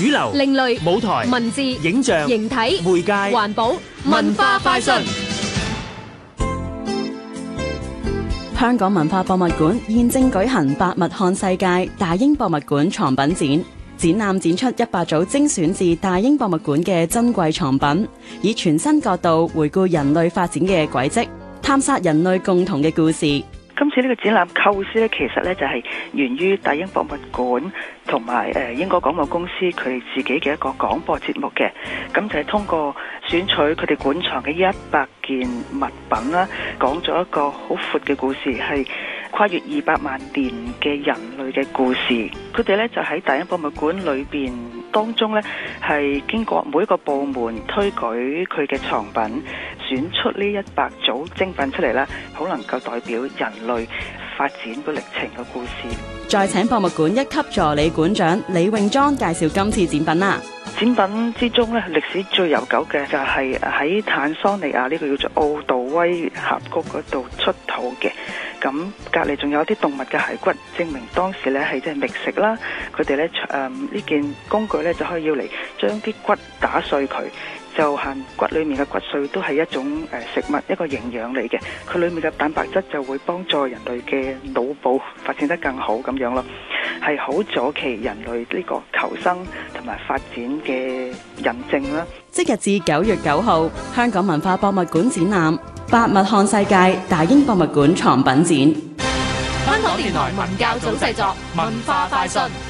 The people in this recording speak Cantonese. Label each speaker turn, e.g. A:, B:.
A: 主流、另類舞台、文字、影像、形體、
B: 媒介、環保、文化快訊。香港文化博物館現正舉行《百物看世界》大英博物館藏品展，展覽展出一百組精選自大英博物館嘅珍貴藏品，以全新角度回顧人類發展嘅軌跡，探索人類共同嘅故事。今次呢個展覽構思呢，其實呢就係、是、源於大英博物館同埋誒英國廣播
A: 公司佢哋自己嘅一個廣播節目嘅，咁就係通過選取佢哋館藏嘅一百件物品啦，講咗一個好闊嘅故事，係跨越二百萬年嘅人類嘅故事。佢哋呢就喺大英博物館裏邊。當中咧係經過每一個部門推舉佢嘅藏品，選出呢一百組精品出嚟啦，好能夠代表人類發展個歷程嘅故事。
B: 再請博物館一級助理館長李永莊介紹今次展品啦。
A: 展品之中咧，歷史最悠久嘅就係喺坦桑尼亞呢、這個叫做奧杜威峽谷嗰度出土嘅。咁隔籬仲有啲動物嘅骸骨，證明當時咧係即係覓食啦。佢哋咧誒呢、嗯、件工具咧就可以要嚟將啲骨打碎佢，就限骨裏面嘅骨碎都係一種誒、呃、食物，一個營養嚟嘅。佢裏面嘅蛋白質就會幫助人類嘅腦部發展得更好咁樣咯。係好早期人類呢個求生
B: 同埋發展嘅印證啦！即日至九月九號，香港文化博物館展覽《百物看世界》大英博物館藏品展。香港電台文教組製作，文化快訊。